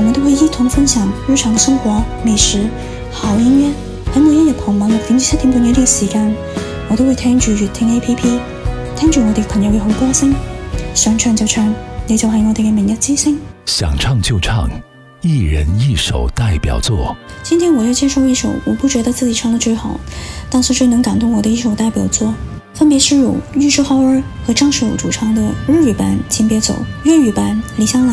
我哋都會一同分享日常生活、美食、好音樂。喺每一日傍晚六點至七點半嘅呢個時間，我都會聽住悅聽 A P P，聽住我哋朋友嘅好歌聲。想唱就唱，你就係我哋嘅明日之星。想唱就唱，一人一首代表作。今天我要介紹一首，我不覺得自己唱得最好，但是最能感動我的一首代表作，分別是由玉置浩二和張學友主唱的日語版《請別走》，粵語版《李香蘭》。